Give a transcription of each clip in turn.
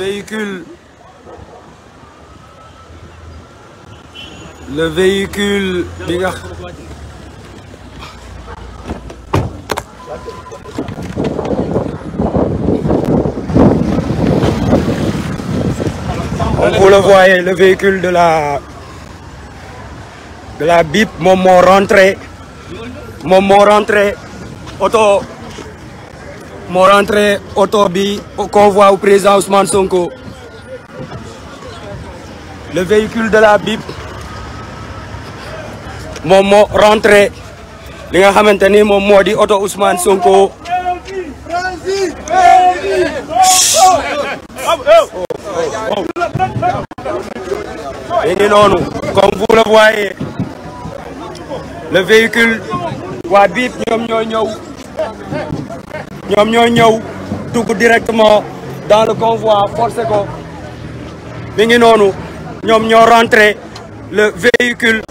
véhicule le véhicule le voyez le de la de la BIP moom moo rentré moom moo moo rentré oto bi convoi au président Ousmane Sonko le véhicule de la BIP moom moo rentré li nga xamante ni moom moo di oto Ousmane Sonko mi noonu comme vous le voyez le véhicule waa BIP ñoom ñoo ñëw ñoom ñoo ñëw dugg directement dans le convoi forcé ko mi ngi noonu ñoom ñoo rentré le véhicule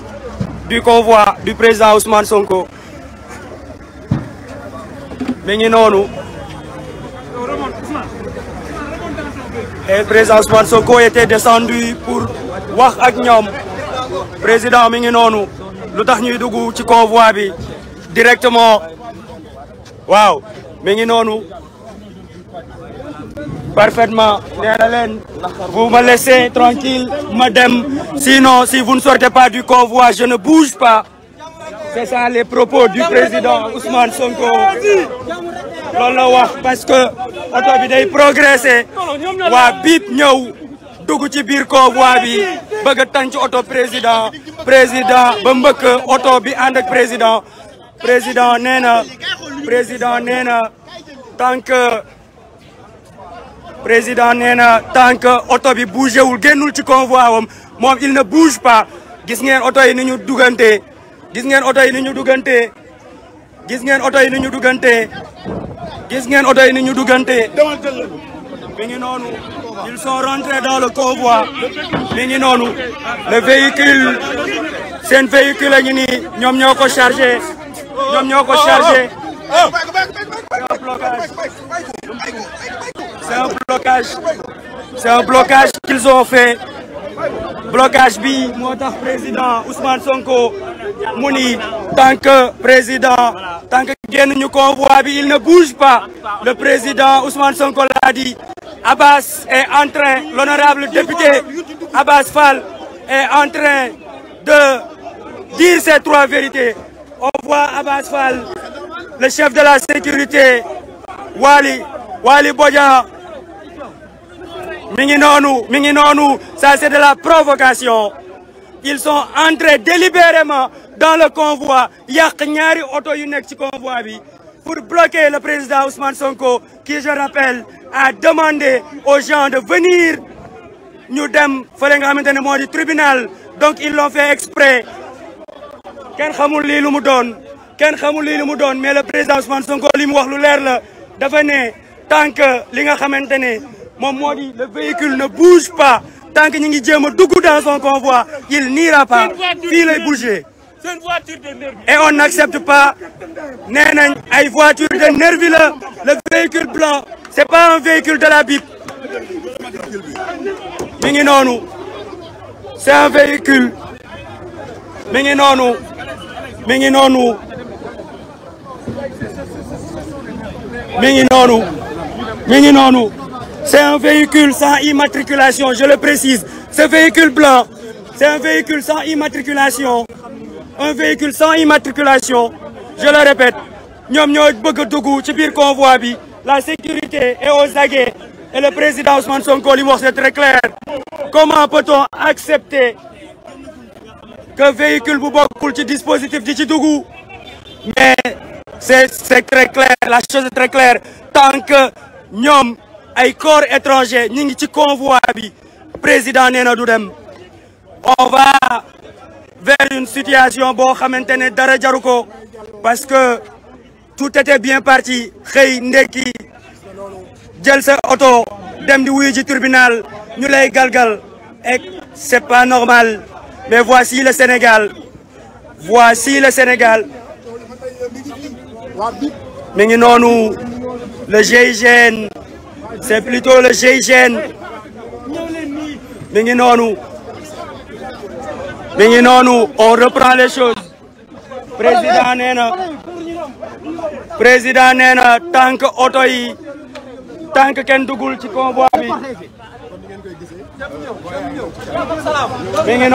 du convoi du président Ousmane Sonko mi ngi noonu et le président Ousmane Sonko était descendu pour wax ak ñoom président mi ngi noonu lu tax ñuy dugg ci convoi bi directement waaw mi ngi noonu parfaitement nee na leen vous me laissez tranquille ma sinon si vous ne sortez pas du convoi je ne bouge pas c'est ça les propos du président Ousmane Sonko loolu la wax parce que oto bi day progresser waa biip ñëw dugg ci biir convoi bi bëgg a tànc oto président président ba mbëkk oto bi ànd ak président président nee président nee na tant président nee na tant oto bi bougé wul génnul ci convoi am moom il ne bouge pas gis ngeen oto yi ni ñu duggante gis ngeen oto yi ni ñu duggante gis ngeen oto yi ni ñu duggante gis ngeen oto yi ni ñu duggante mi ngi noonu ils sont rentrés dans le convoi mi noonu le véhicule seen véhicule a ngi ñoom ñoo ko C'est un blocage c'est un qu'ils ont fait blocage bi moo tax président Ousmane Sonko mu ni tant que président tant que génn ñu convoi il ne bouge pas le président Ousmane Sonko l'a dit Abbas est en train l'honorable député Abbas Fall est en train de dire ces trois vérités on voit Abbas Fall le chef de la sécurité Wali Wali Bodian mi ngi mi ngi noonu ça c'est de la provocation ils sont entrés délibérément dans le convoi yàq ñaari oto yu nekk ci convoi bi pour bloquer le président Ousmane Sonko qui je rappelle a demandé aux gens de venir ñu dem fële nga xamante ne moo di tribunal donc ils l'ont fait exprès kenn xamul lii lu mu doon kenn xamu lii li mu doon mais le président Ousmane Sonko li mu wax lu leer la dafa ne tant que li nga xamante ne moom moo di le véhicule ne bouge pas tant que ñu ngi jéem a dugg dans son convoi il n'ira pas fii lay bouger et on n'accepte pas nee nañ ay voiture de nervi la le véhicule blanc c'est pas un véhicule de la BIP mi ngi noonu c'est un véhicule mi ngi ngi noonu mi ngi ngi noonu c'est un véhicule sans immatriculation je le précise ce véhicule blanc c'est un véhicule sans immatriculation un véhicule sans immatriculation je le répète ñoom ñoo bëgg a dugg ci biir convoi bi la sécurité est aux aguets et le président Ousmane Sonko li mu wax c'est très clair comment peut-on accepter que véhicule bu bokkul ci dispositif di ci dugg mais c'est c'est très clair la chose est très claire tant que ñoom ay corps étrangers ñi ngi ci convoi bi président nee na du dem on va vers une situation boo xamante ne dara jaru ko parce que tout était bien parti xëy ndekki jël sa oto dem di wuyu tribunal ñu lay galgal et c'est pas normal mais voici le Sénégal voici le Sénégal mi ngi noonu le GIGN c'est plutôt le GIGN mi ngi noonu mi ngi noonu on reprend les choses président nee na président nee na tànk oto yi kenn dugul ci convoi bi mi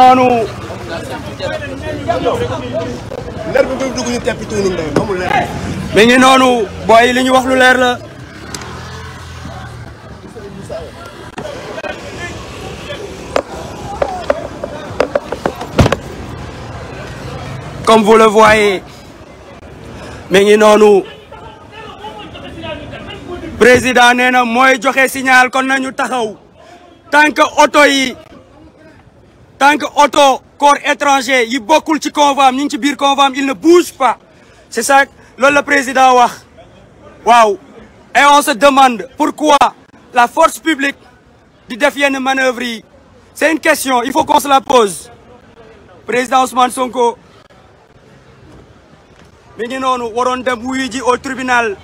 leer bi dugg ñu tepp tuunu ndey amul noonu booy li ñu wax lu leer la. comme vous le voyez mi ngi noonu président nee na mooy joxe signal kon ñu taxaw tant que tant que auto corps étranger yi bokkul ci convoi ñu ngi ci biir convoi il ne bouge pas c'est ça loolu la président wax waaw et on se demande pourquoi la force publique di def yenn manœuvre yi c'est une question il faut qu'on se la pose président Ousmane Sonko mi ngi noonu waroon dem wuyu ji au tribunal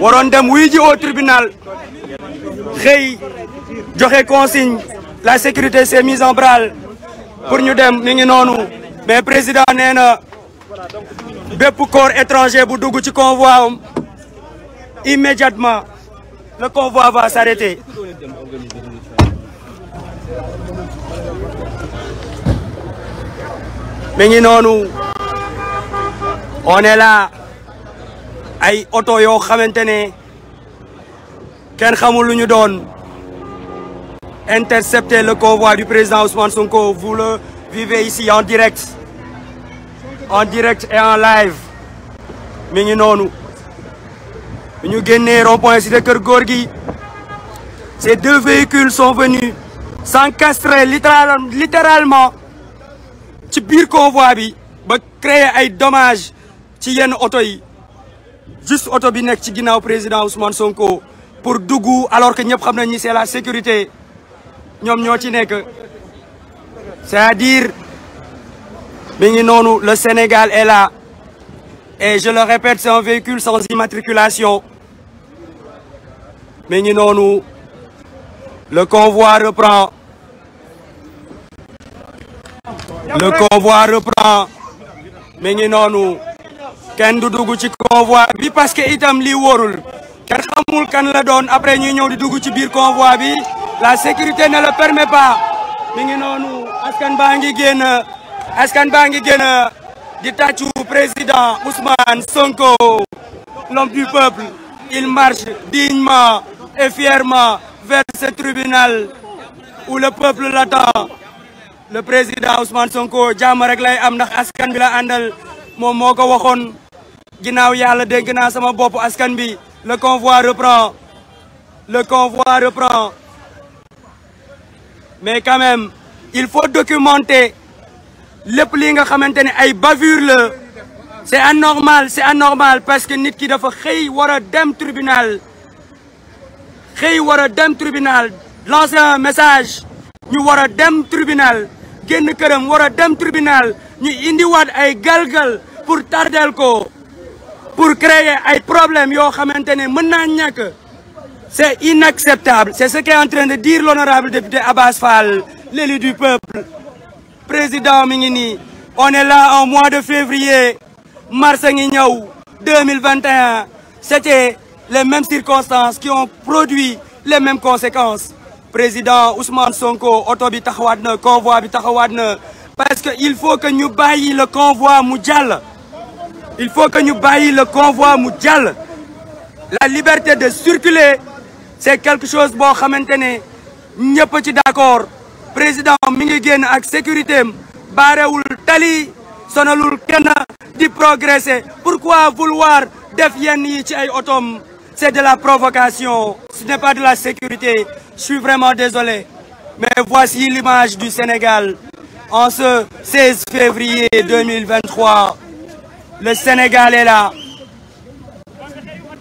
waroon dem wuyu ji au tribunal xëy joxe consigne la sécurité s'est mise en branle pour ñu dem mi ngi noonu mais président nee bépp corps étranger bu dugg ci convoi am immédiatement le convoi va s'arrêter mi ngi noonu on est là ay oto yo xamante ne kenn xamul lu ñu doon intercepter le convoi du président Ousmane Sonko. Vous le vivez ici en direct. En direct et en live. mi ngi noonu. ñu génnee rond-point cité Keur Gorgui. Ces deux véhicules sont venus s'encastrer littéral, littéralement ci biir convoi bi ba créer ay dommages ci yenn oto yi juste oto bi nekk ci ginnaaw président Ousmane Sonko pour dugg alors que ñëpp xam nañ ni c'est la sécurité ñoom ñoo ci nekk c'est-à-dire mi ngi noonu le Sénégal est là et je le répète c'est un véhicule sans immatriculation mi ngi noonu le convoi reprend le convoi reprend mi ngi noonu kenn du dugg ci convoi bi parce que itam lii wóorul kenn xamul kan la doon après ñuy ñëw di dugg ci biir convoi bi la sécurité ne le permet pas mi ngi noonu askan baa ngi génn askan baa ngi génn di tàccu président Ousmane Sonko l'homme du peuple il marche dignement et fièrement vers ce tribunal où le peuple l'attend le président Ousmane Sonko jàmm rek lay am ndax askan bi la àndal moom moo ko waxoon ginnaaw yàlla dénk naa sama bopp askan bi le convoi reprend le convoi reprend mais quand il faut documenter lépp lii nga xamante ne ay bavure la c'est anormal c'est anormal parce que nit ki dafa xëy war a dem tribunal xëy war a dem tribunal lancer un message ñu war a dem tribunal génn këram war a dem tribunal ñu indiwaat ay galgal pour tardel ko pour créer ay problèmes yoo xamante ne mën naa ñàkk C'est inacceptable. C'est ce qu'est en train de dire l'honorable député Abbas Fall, l'élu du peuple. Président Mingini, on est là en mois de février, mars 2021. C'était les mêmes circonstances qui ont produit les mêmes conséquences. Président Ousmane Sonko, oto bi taxawaat convoi bi taxawaat na parce que il faut que ñu bàyyi le convoi mu jàll. Il faut que ñu bàyyi le convoi mu jàll. La liberté de circuler c'est quelque chose boo xamante ne ñëpp ci d'accord président mi ngi génn ak sécurité am baarewul tali sonalul kenn di progresser pourquoi vouloir def yenn yi ci ay otoom c'est de la provocation ce n'est pas de la sécurité je suis vraiment désolé mais voici l'image du Sénégal en ce 16 février 2023 le Sénégal est là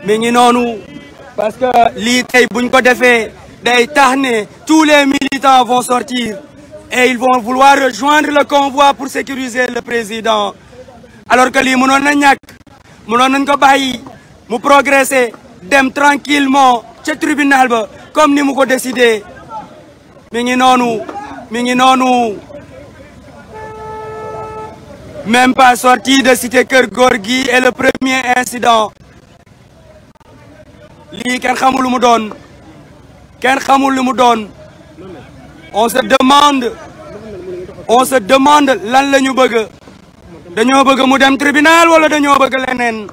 mi ngi noonu parce que lii tey buñ ko defee day tax ne tous les militants vont sortir et ils vont vouloir rejoindre le convoi pour sécuriser le président alors que lii mënoon na ñàkk mënoon nañ ko bàyyi mu progresser dem tranquillement ca tribunal ba comme ni mu ko décidé mi ngi noonu mi ngi noonu même pas sorti de cité Keur Gorgui et le premier incident lii kenn xamul lu mu doon kenn xamul lu mu doon on se demande lan la ñu bëgg dañoo bëgg mu dem tribunal wala dañoo bëgg leneen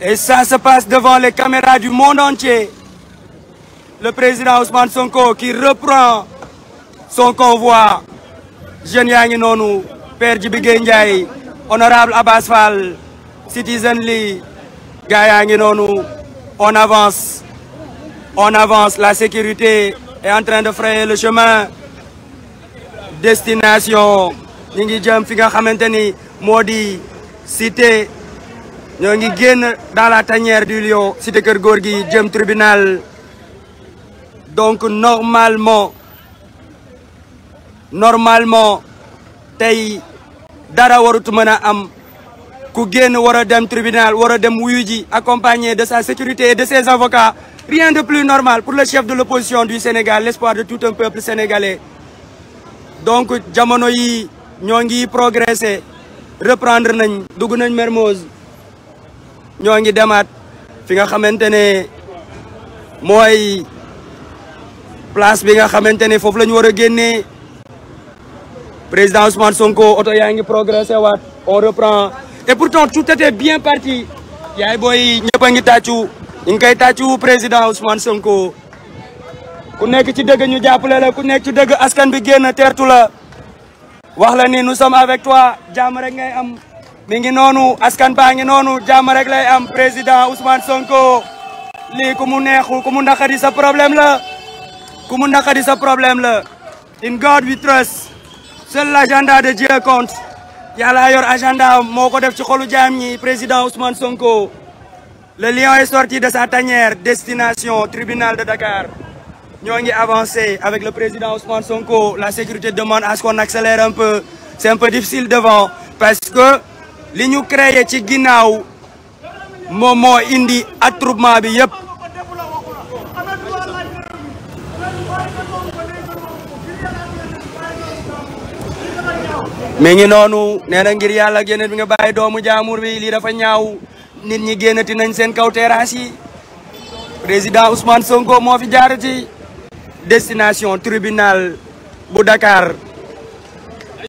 et ça se passe devant les caméras du monde entier le président Ousmane Sonko qui reprend son convoi jeunes yaa ngi noonu père Djibi Gueye Ndiaye honorable Abbas Fall Citizen Lee gaa yaa ngi noonu on avance on avance la sécurité est en de frayer le chemin destination ñi ngi jëm fi nga xamante ni moo di cité ñoo ngi génn dans la tanière du lion cité kër góor gi jëm tribunal donc normalement normalement tey dara warut mën a am ku génn war a dem tribunal war a dem wuyu ji accompagné de sa sécurité de ses avocats rien de plus normal pour le chef de l'opposition du Sénégal l'espoir de tout un peuple sénégalais donc jamono yi ñoo ngi progresser reprendre nañ dugg nañ Mermoz ñoo ngi demaat fi nga xamante ne mooy place bi nga xamante ne foofu la ñu war a génnee président Ousmane Sonko oto yaa ngi progressé waat on reprend et pourtant tout était bien parti yaay booy ñëpp a ngi tàccu ñu ngi koy tàccu président Ousmane Sonko ku nekk ci dëgg ñu jàppale la ku nekk ci dëgg askan bi génn teertu la wax la ni nu sommes avec toi jàmm rek ngay am mi ngi noonu askan baa ngi noonu jàmm rek lay am président Ousmane Sonko lii ku mu neexu ku mu naqari sa problème la ku mu naqari sa problème la in God we trust seul l'agenda de Dieu compte yàlla yor agenda moo ko def ci xolu jaam ñi président Ousmane Sonko le lion est sorti de sa tanière destination tribunal de Dakar ñoo ngi avancé avec le président Ousmane Sonko la sécurité demande à ce qu'on accélère un peu c'est un peu difficile devant parce que li ñu créé ci ginnaaw moom moo indi attroupement bi yëpp mi ngi noonu nee na ngir yàlla génn bi nga bàyyi doomu jaamur bi lii dafa ñaaw nit ñi génnati nañ seen kaw terrasse yi président Ousmane Sonko moo fi jaar jaarati destination tribunal bu Dakar